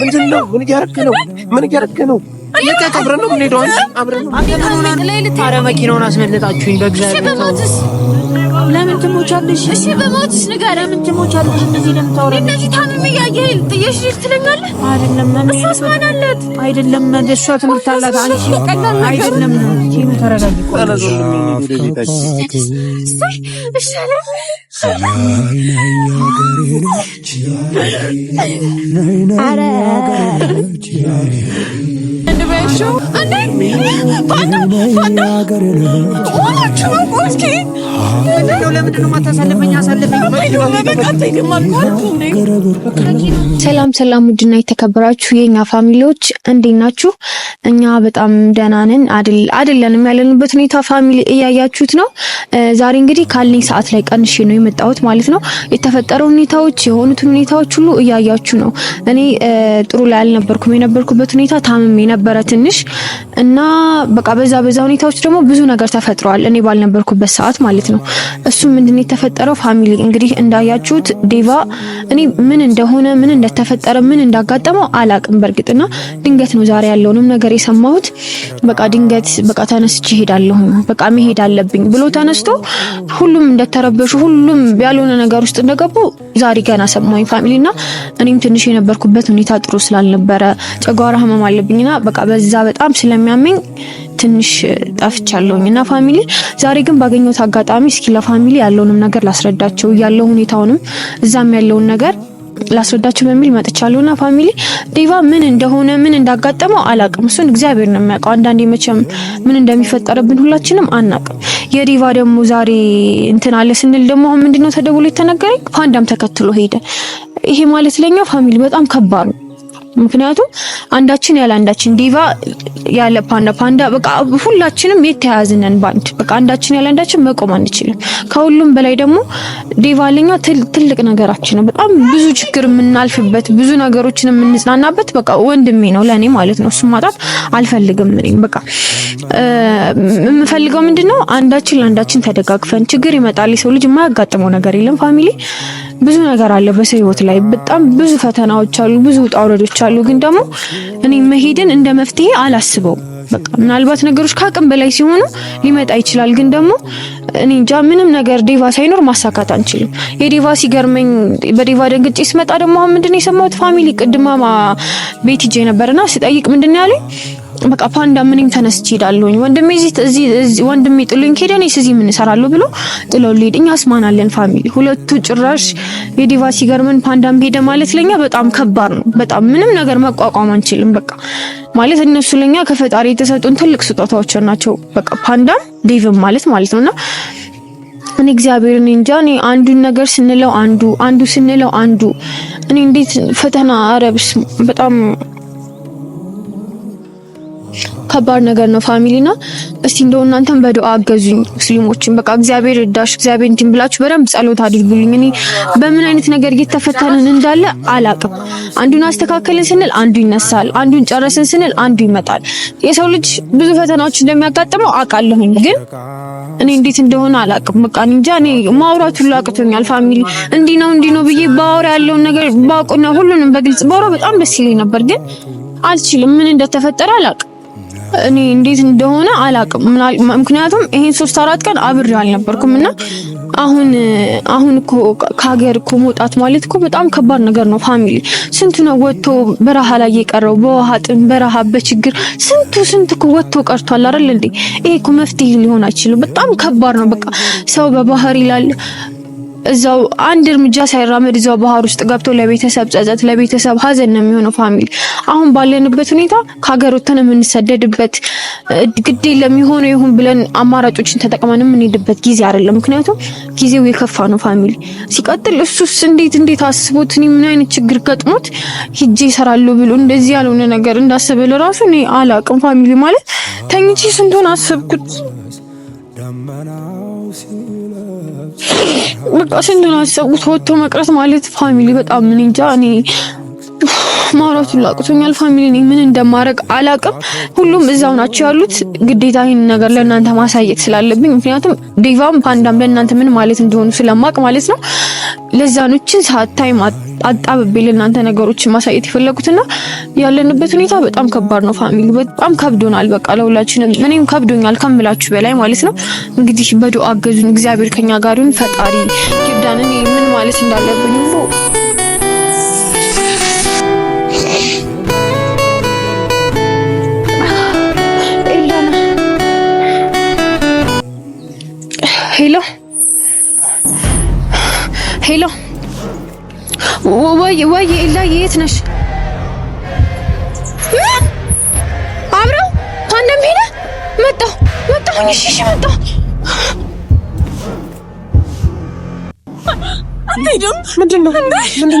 ምንድን ነው? ምን እያደረክ ነው? ምን እያደረክ ነው? ልቀቅ። አብረን ነው የምንሄደው። አብረን መኪናውን አስመለጣችሁኝ። በእግዚአብሔር ለምን ትሞቻለሽ? ትምህርት አላት። ፋንታ ፋንታ ሁላችሁም እስኪ ሰላም ሰላም፣ ውድና የተከበራችሁ የኛ ፋሚሊዎች እንዴት ናችሁ? እኛ በጣም ደህና ነን። አይደለንም ያለንበት ሁኔታ ፋሚሊ እያያችሁት ነው። ዛሬ እንግዲህ ካለኝ ሰዓት ላይ ቀንሼ ነው የመጣሁት ማለት ነው። የተፈጠረው ሁኔታዎች የሆኑትን ሁኔታዎች ሁሉ እያያችሁ ነው። እኔ ጥሩ ላይ አልነበርኩም። የነበርኩበት ሁኔታ ታምም የነበረ ትንሽ እና በቃ በዛ በዛ ሁኔታዎች ደግሞ ብዙ ነገር ተፈጥሯል እኔ ባልነበርኩበት ሰዓት ማለት ነው። እሱ ምንድን የተፈጠረው? ፋሚሊ እንግዲህ እንዳያችሁት ዴቫ እኔ ምን እንደሆነ ምን እንደተፈጠረ ምን እንዳጋጠመው አላቅም። በእርግጥና ድንገት ነው ዛሬ ያለውንም ነገር የሰማሁት። በቃ ድንገት በቃ ተነስቼ እሄዳለሁ በቃ መሄድ አለብኝ ብሎ ተነስቶ ሁሉም እንደተረበሹ ሁሉም ያልሆነ ነገር ውስጥ እንደገቡ ዛሬ ገና ሰማሁኝ ፋሚሊና እኔም ትንሽ የነበርኩበት ሁኔታ ጥሩ ስላልነበረ ጨጓራ ህመም አለብኝና በቃ በዛ በጣም ስለሚያመኝ ትንሽ ጠፍቻለሁኝ እና ፋሚሊ ዛሬ ግን ባገኘሁት አጋጣሚ እስኪ ለፋሚሊ ያለውንም ነገር ላስረዳቸው ያለው ሁኔታውንም እዛም ያለውን ነገር ላስረዳቸው በሚል መጥቻለሁና ፋሚሊ ዴቫ ምን እንደሆነ ምን እንዳጋጠመው አላቅም። እሱን እግዚአብሔር ነው የሚያውቀው። አንዳንዴ መቼም ምን እንደሚፈጠርብን ሁላችንም አናቅም። የዴቫ ደግሞ ዛሬ እንትን አለ ስንል ደግሞ አሁን ምንድነው ተደውሎ የተነገረኝ ፋንዳም ተከትሎ ሄደ። ይሄ ማለት ለኛ ፋሚሊ በጣም ከባድ ነው። ምክንያቱም አንዳችን ያለ አንዳችን ዲቫ ያለ ፓንዳ ፓንዳ በቃ ሁላችንም የተያያዝነን ባንድ በቃ አንዳችን ያለ አንዳችን መቆም አንችልም። ከሁሉም በላይ ደግሞ ዲቫ ለኛ ትልቅ ነገራችን ነው። በጣም ብዙ ችግር የምናልፍበት ብዙ ነገሮችን የምንጽናናበት በቃ ወንድሜ ነው ለኔ ማለት ነው። እሱ ማጣት አልፈልግም። እኔ በቃ የምፈልገው ምንድነው አንዳችን ለአንዳችን ተደጋግፈን ችግር ይመጣል። የሰው ልጅ የማያጋጥመው ነገር የለም። ፋሚሊ ብዙ ነገር አለ በሰው ህይወት ላይ በጣም ብዙ ፈተናዎች አሉ፣ ብዙ ውጣ ውረዶች አሉ። ግን ደግሞ እኔ መሄድን እንደ መፍትሄ አላስበውም። በቃ ምናልባት ነገሮች ከአቅም በላይ ሲሆኑ ሊመጣ ይችላል። ግን ደግሞ እኔ እንጃ ምንም ነገር ዴቫ ሳይኖር ማሳካት አንችልም። የዴቫ ሲገርመኝ በዴቫ ደንግጬ ስመጣ ደግሞ አሁን ምንድን ነው የሰማሁት ፋሚሊ ቅድማማ ቤት ሄጄ ነበርና ስጠይቅ ምንድን ነው ያለኝ በቃ ፋንዳ ምንም ተነስቼ ሄዳለሁኝ። ወንድሜ እዚህ እዚህ ወንድሜ ጥሉኝ ከሄደ እኔስ እዚህ ምን እሰራለሁ ብሎ ጥለው ሊሄድ፣ እኛስ ማን አለን ፋሚሊ። ሁለቱ ጭራሽ የዲቫ ሲገርመን ፋንዳም ሄደ ማለት ለኛ በጣም ከባድ ነው። በጣም ምንም ነገር መቋቋም አንችልም። በቃ ማለት እነሱ ለኛ ከፈጣሪ የተሰጡን ትልቅ ስጦታዎች ናቸው። በቃ ፓንዳም ዴቭም ማለት ማለት ነውና እኔ እግዚአብሔርን እንጃ እኔ አንዱን ነገር ስንለው አንዱ አንዱ ስንለው አንዱ እኔ እንዴት ፈተና አረብስ በጣም ከባድ ነገር ነው ፋሚሊና። እስቲ እንደው እናንተም በዱአ አገዙኝ ሙስሊሞችን። በቃ እግዚአብሔር እዳሽ እግዚአብሔር እንትን ብላችሁ በደንብ ጸሎት አድርጉልኝ። እኔ በምን አይነት ነገር እየተፈተንን እንዳለ አላቅም። አንዱን አስተካከልን ስንል አንዱ ይነሳል፣ አንዱን ጨረስን ስንል አንዱ ይመጣል። የሰው ልጅ ብዙ ፈተናዎች እንደሚያጋጥመው አውቃለሁኝ፣ ግን እኔ እንዴት እንደሆነ አላቅም። በቃ እንጃ እኔ ማውራቱ አቅቶኛል። ፋሚሊ። እንዲህ ነው እንዲህ ነው ብዬ ባወራ ያለውን ነገር ባውቅና ሁሉንም በግልጽ ባወራ በጣም ደስ ይለኝ ነበር፣ ግን አልችልም። ምን እንደተፈጠረ አላቅም። እኔ እንዴት እንደሆነ አላቅም። ምክንያቱም ይሄን ሶስት አራት ቀን አብሬ አልነበርኩም እና አሁን አሁን እኮ ከሀገር እኮ መውጣት ማለት እኮ በጣም ከባድ ነገር ነው። ፋሚሊ ስንቱ ነው ወጥቶ በረሃ ላይ የቀረው በውሃ ጥም በረሃ በችግር ስንቱ ስንቱ እኮ ወጥቶ ቀርቷል አይደል እንዴ? ይሄ እኮ መፍትሄ ሊሆን አይችልም። በጣም ከባድ ነው። በቃ ሰው በባህር ይላል እዛው አንድ እርምጃ ሳይራመድ እዛው ባህር ውስጥ ገብቶ ለቤተሰብ ጸጸት፣ ለቤተሰብ ሀዘን ነው የሚሆነው። ፋሚሊ አሁን ባለንበት ሁኔታ ከሀገር ወጥተን የምንሰደድበት ግድ የለም ይሁን ብለን አማራጮችን ተጠቅመን የምንሄድበት ጊዜ አይደለም። ምክንያቱም ጊዜው የከፋ ነው። ፋሚሊ ሲቀጥል እሱስ እንዴት እንዴት አስቦት እኔ ምን አይነት ችግር ገጥሞት ሂጄ ይሰራሉ ብሎ እንደዚህ ያልሆነ ነገር እንዳስብ ለራሱ እኔ አላቅም። ፋሚሊ ማለት ተኝቼ ስንቱን አስብኩት። በቃ ስንት ነው አሰቡት። ወጥቶ መቅረት ማለት ፋሚሊ በጣም ምን እንጃ እኔ ማውራቱን ላቁቶኛል። ፋሚሊ ምን እንደማረግ አላቅም። ሁሉም እዛው ናቸው ያሉት። ግዴታ ይህን ነገር ለእናንተ ማሳየት ስላለብኝ ምክንያቱም ዴቫም ፓንዳም ለእናንተ ምን ማለት እንደሆኑ ስለማቅ ማለት ነው። ለዛ ነው ሰዓት ታይም አጣብቤ ለእናንተ ነገሮችን ማሳየት የፈለጉትና ያለንበት ሁኔታ በጣም ከባድ ነው ፋሚሊ፣ በጣም ከብዶናል። በቃ ለሁላችንም እኔም ከብዶኛል ከምላችሁ በላይ ማለት ነው። እንግዲህ በዶ አገዙን። እግዚአብሔር ከኛ ጋር ይሁን። ፈጣሪ ይርዳን። እኔ ምን ማለት እንዳለብኝ ሁሉ ሄሎ ሄሎ፣ ወይ ወይ፣ ኤላዬ የት ነሽ? አብረው ታንደም ሄደ። መጣሁ መጣሁኝ። እሺ እሺ፣ መጣሁ። ምንድን ነው ምንድን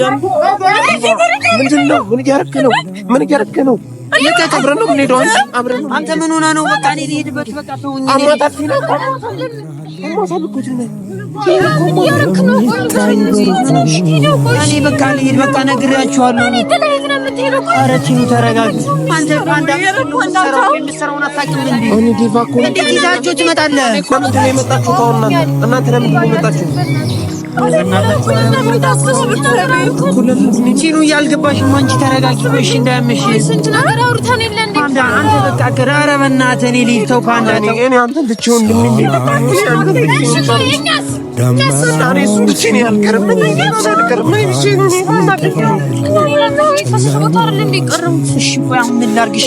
ጃን ምንድን ነው? ምን እያደረክ ነው? ምን እያደረክ ነው? አብረን ነው የምንሄደው። አንተ ምን ሆነህ ነው? በቃ እኔ ልሄድበት። በቃ ነግሬያችኋለሁ። ኧረ ቲኑ ተረጋጊ። አንተ ይዛችሁ ትመጣለህ። እናንተ ለምንድን ነው የመጣችሁት? ሲኑ ያልገባሽ አንቺ ተረጋግተሽ እንዳያመሽ ስንት ነገር አውርተን የለን ፓንዳ አንተ በቃ ቀራረ በእናትህ እኔ ልሂድ ተው ፓንዳ ተው እኔ አንተን ትቼው እንደምንሄድ እሺ ቆይ አሁን ምን ላድርግሽ?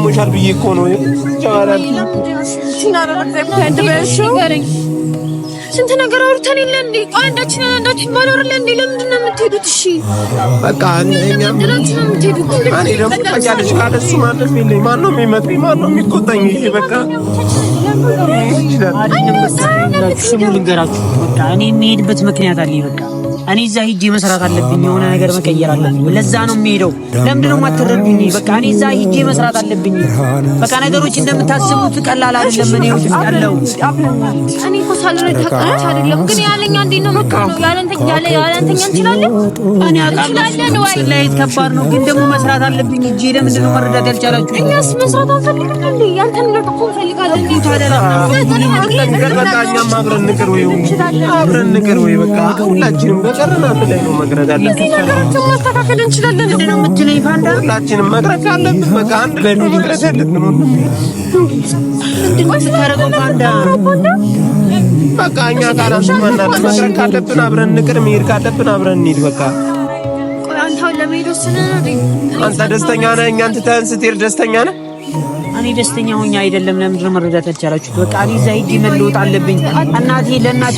አሞሻል ብዬ እኮ ነው። ስንት ነገር አውርተን የለ እንዴ? አንዳችን አንዳችን ባኖር የለ እንዴ? ለምንድን ነው የምትሄዱት? እሺ በቃ እኔ ደግሞ ታውቂያለሽ፣ ካለ እሱ ማንም የለኝ። ማን ነው የሚመጣኝ? ማን ነው የሚቆጣኝ? ይሄ በቃ ስሙ ልንገራችሁ፣ በቃ እኔ የምሄድበት ምክንያት አለኝ በቃ እኔ እዛ ሂጄ መስራት አለብኝ፣ የሆነ ነገር መቀየር አለብኝ። ለዛ ነው የሚሄደው። ለምንድን ነው የማትረዱኝ? በቃ እኔ እዛ ሂጄ መስራት አለብኝ። በቃ ነገሮች እንደምታስቡት ቀላል አይደለም። እኔ ውስጥ ያለው እኔ እኮ ሳልረዳ ቀርቼ አይደለም፣ ግን ያለኛ እንዴት ነው መካ ነው ያለንተኛ ያለ ያለንተኛ እንችላለን። እኔ አቃለን ወይ ላይ ከባድ ነው፣ ግን ደግሞ መስራት አለብኝ። እጄ ለምንድን ነው መረዳት ያልቻላችሁ? እኛስ መስራት አንፈልግም እንዴ? ያንተን ለጥቆ እንፈልጋለን። እንዴት ነገር በቃ ታዲያ አብረን ንቅር ወይ አብረን ንቅር ወይ በቃ ሁላችንም መጨረና አንድ ላይ ነው መቅረት ያለብን። ነገራችን ማስተካከል እንችላለን። እንደ ነው የምትለኝ ፋንዳ፣ ሁላችንም መቅረት ያለብን በቃ አንድ ላይ ነው መቅረት ያለብን። በቃ እኛ ካላሱ ማናት መቅረት ካለብን አብረን ንቅር፣ መሄድ ካለብን አብረን እንሂድ። በቃ አንተ ደስተኛ ነህ? እኛን ትተህን ስትሄድ ደስተኛ ነህ? እኔ ደስተኛ ሆኜ አይደለም። ለምንድን ነው መረዳት ያልቻላችሁት? በቃ እኔ እዛ ሂጅ መለወጥ አለብኝ። እናቴ ለእናቴ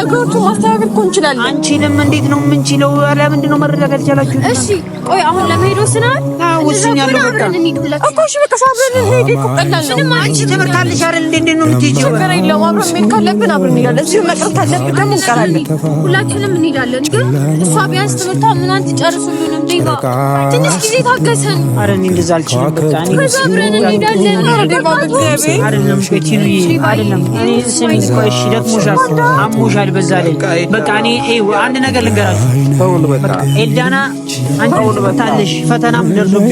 ነገሮችን ማስተካከል እኮ እንችላለን። አንቺንም እንዴት ነው የምንችለው? ለምንድን ነው መረዳት ያልቻላችሁት? እሺ ቆይ አሁን ለመሄድ ወስናል ወስኛለሁ። በቃ እኮ እሺ፣ በቃ አብረን እንሂድ እኮ ቀላል አሞሻል። በዛ ላይ በቃ እኔ አንድ ነገር ልንገራችሁ። ኤልዳና አንቺ ታለሽ ፈተናም ደርሶብሽ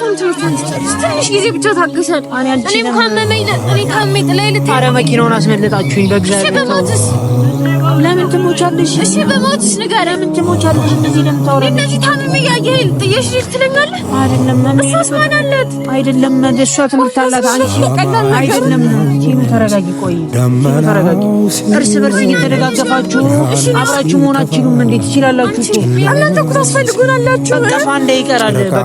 እሱም ትምህርቷን ትጨርስ። ትንሽ ጊዜ ብቻ ታገሰን። እኔም ካመመኝ እኔ ካሜ ጥላይ ልት ኧረ መኪናውን አስመለጣችሁኝ በእግዚአብሔር። በሞትስ ለምን ትሞቻለሽ? እሺ በሞትስ ንገረኝ። ለምን ትሞቻለሽ? እንደዚህ ለምታወራ እንደዚህ ታምሜ እያየህ ጥየሽ ልጅ ትለኛለህ። አይደለም እሷስ ማን አላት? አይደለም እሷ ትምህርት አላት። አንቺ አይደለም ቲም ተረጋጊ፣ ቆይ ተረጋጊ። እርስ በርስ እየተደጋገፋችሁ አብራችሁ መሆናችሁም እንዴት ትችላላችሁ? እናንተ እኮ ታስፈልጉናላችሁ። በቃ ፋንዳ ይቀራል በቃ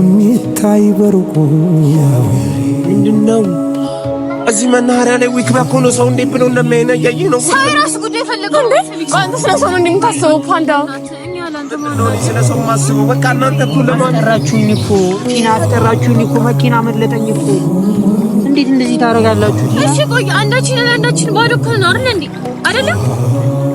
የሚታይ በሩቁ ምንድነው? እዚህ መናኸሪያ ላይ ዊክ ባክ ሆኖ ሰው እንዴት ብሎ እንደሚያይነ እያየ ነው። ሰው የራሱ ጉዳይ ፈልገው እንዴ! አንተ ስለ ሰው ነው እንደምታስበው ፓንዳ ስለ ሰው ማስበው በቃ እናንተ እኮ ለማን እኮ ኪና አስጠራችሁኝ እኮ መኪና መለጠኝ እኮ እንዴት እንደዚህ ታደርጋላችሁ? እሺ ቆይ አንዳችን ለአንዳችን ባዶ ከሆነ አይደል እንዴ አይደለም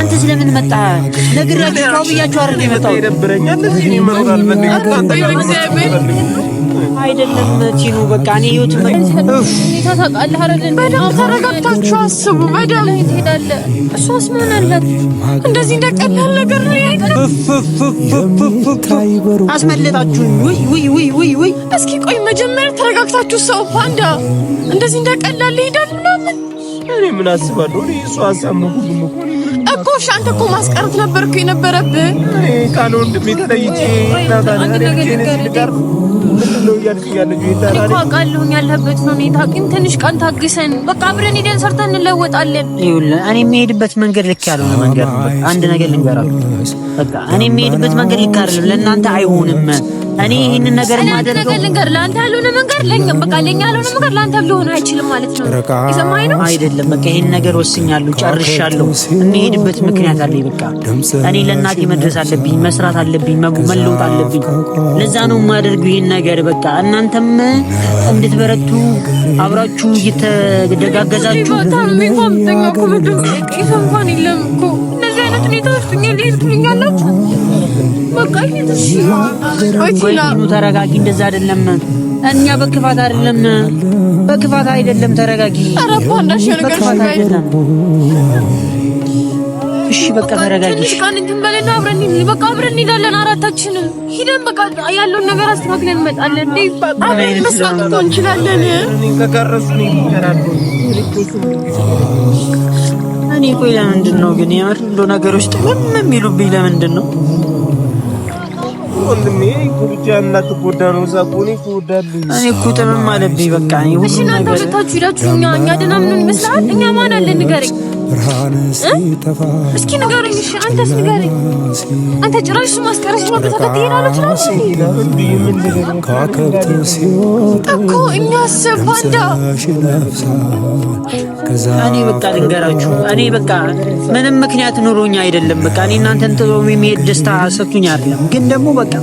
አንተ ስለምን መጣ? ነግሬያቸው ብያቸው አይደል የመጣው። አይደለም ቲኑ፣ በቃ እኔ ህይወት ታውቃለህ አይደል? በደምብ ተረጋግታችሁ አስቡ። በደምብ ትሄዳለህ። እሷስ ምን አላት? እንደዚህ እንደ ቀላል ነገር አስመለጣችሁኝ። ውይ ውይ ውይ ውይ ውይ! እስኪ ቆይ መጀመሪያ ተረጋግታችሁ ሰው ፓንዳ እንደዚህ እንደ ቀላል ይሄዳል ምናምን እኔ ምን አስባለሁ እሷ እኮ እሺ፣ አንተ እኮ ማስቀረት ነበርኩ የነበረብህ። ቃሉ ወንድሜ ተለይቼ አውቃለሁኝ ያለህበትን ሁኔታ ግን ትንሽ ቀን ታግሰን፣ በቃ አብረን ሄደን ሰርተን እንለወጣለን። ይኸውልህ እኔ መንገድ ልክ ያልሆነ መንገድ ነው። አንድ ነገር ልንገራችሁ፣ በቃ እኔ መንገድ ልክ አይደለም፣ ለእናንተ አይሆንም እኔ ይህንን ነገር ማደርገው ነገር ለአንተ ያልሆነ መንገድ ለኛም በቃ ለኛ ያልሆነ መንገድ ለአንተ ሊሆን አይችልም ማለት ነው። የሰማኸኝ ነው አይደለም? በቃ ይህን ነገር ወስኛለሁ፣ ጨርሻለሁ። የሚሄድበት ምክንያት አለኝ። በቃ እኔ ለእናቴ መድረስ አለብኝ፣ መስራት አለብኝ፣ መለወጥ አለብኝ። ለዛ ነው የማደርገው ይህን ነገር። በቃ እናንተም እንድትበረቱ አብራችሁ እየተደጋገዛችሁ እንኳን የለም እኮ እነዚህ አይነት ሁኔታ ውስጥ ሊሄድ ትልኛላችሁ ተረጋጊ። እንደዛ አይደለም። እኛ በክፋት አይደለም፣ በክፋት አይደለም። ተረጋጊ። በክፋት አይደለም። እሺ በቃ ተረጋጊ። ቀን እንትን በለና አብረን በቃ አብረን እንሄዳለን። አራታችን ሂደን በቃ ያለውን ነገር አስተካክለን እንመጣለን። አብረን መስራት እኮ እንችላለን። እኔ ቆይ ለምንድን ነው ግን የምር እንደው ነገሮች ጥምም የሚሉብኝ ለምንድን ነው? ወንድሜ ጉርጃ እና ትጎዳ ነው። እዛ እኮ እኔ እኮ ደህና ምኑን ይመስላል። እኛ ማን አለን ንገረኝ ብርሃን ሲጠፋ እስኪ ንገረኝ። እኔ በቃ ልንገራችሁ፣ እኔ በቃ ምንም ምክንያት ኑሮኝ አይደለም። በቃ እኔ እናንተን ጥሎ የሚሄድ ደስታ ሰጥቶኝ አይደለም፣ ግን ደግሞ በቃ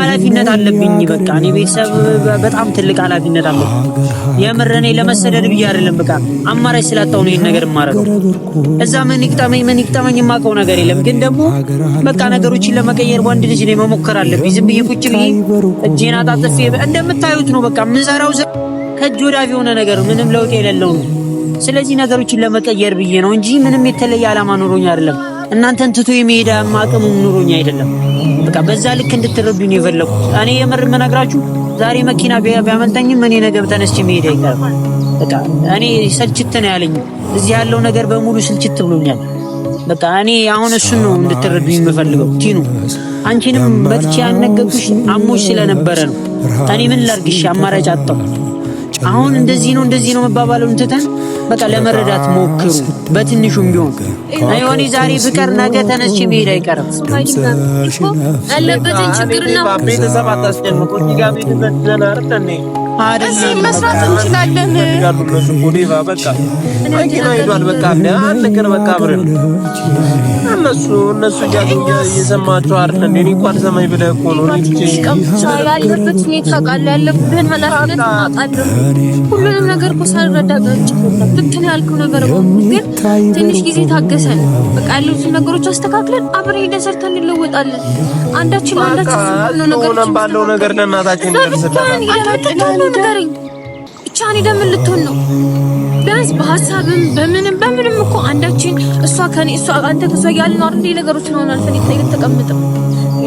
ኃላፊነት አለብኝ። በቃ እኔ ቤተሰብ በጣም ትልቅ ኃላፊነት አለብኝ። የምር እኔ ለመሰደድ ብዬ አይደለም፣ በቃ አማራጭ ስላጣሁ ነው ይሄን ነገር የማደርገው። እዛ ምን ይቅጠመኝ ምን ይቅጠመኝ የማውቀው ነገር የለም። ግን ደግሞ በቃ ነገሮችን ለመቀየር ወንድ ልጅ ነው መሞከር አለብኝ። ዝም ብዬ ቁጭ ብዬ እጄን አጣጥፌ እንደምታዩት ነው። በቃ የምንሰራው ከእጅ ወዳፍ የሆነ ነገር ምንም ለውጥ የሌለው ነው። ስለዚህ ነገሮችን ለመቀየር ብዬ ነው እንጂ ምንም የተለየ አላማ ኑሮኝ አይደለም። እናንተን ትቶ የመሄድ አቅም ኑሮኝ አይደለም። በቃ በዛ ልክ እንድትረዱኝ የፈለኩት። እኔ የምር የምነግራችሁ ዛሬ መኪና ቢያመልጠኝም እኔ ነገ ተነስቼ መሄድ አይቀርም። በቃ እኔ ሰልችት ነው ያለኝ። እዚህ ያለው ነገር በሙሉ ስልችት ብሎኛል። በቃ እኔ አሁን እሱን ነው እንድትረዱኝ የምፈልገው። ቲኑ አንቺንም በትቼ ያነገርኩሽ አሞሽ ስለነበረ ነው። እኔ ምን ላርግሽ? አማራጭ አጣው። አሁን እንደዚህ ነው እንደዚህ ነው መባባሉን ትተን በቃ ለመረዳት ሞክሩ፣ በትንሹም ቢሆን አይሆን። ዛሬ ፍቅር ነገ ተነስቼ መሄድ አይቀርም። ያለበትን ችግርና ቤተሰብ አታስጨንቁ። እዚህ መስራት እንችላለን። በቃ እነሱ እነሱ እየሰማችሁ አይደል? እኔ እንኳን ሰማኝ ብለህ እኮ ነው ሁሉንም ነገር እኮ ሳልረዳ ትንሽ ጊዜ ታገሰን፣ በቃ ያሉትን ነገሮች አስተካክለን አብረን ሄደን ሰርተን እንለወጣለን። አንዳችን ባለው ነገር ለእናታችን ንገረኝ። ብቻ እኔ ደምን ልትሆን ነው። ቢያንስ በሀሳብም በምንም በምንም እኮ አንዳችን እሷ ከኔ እሷ አንተ ከሷ ያልን አይደል ነገሮች ነው አልፈን ተቀምጥም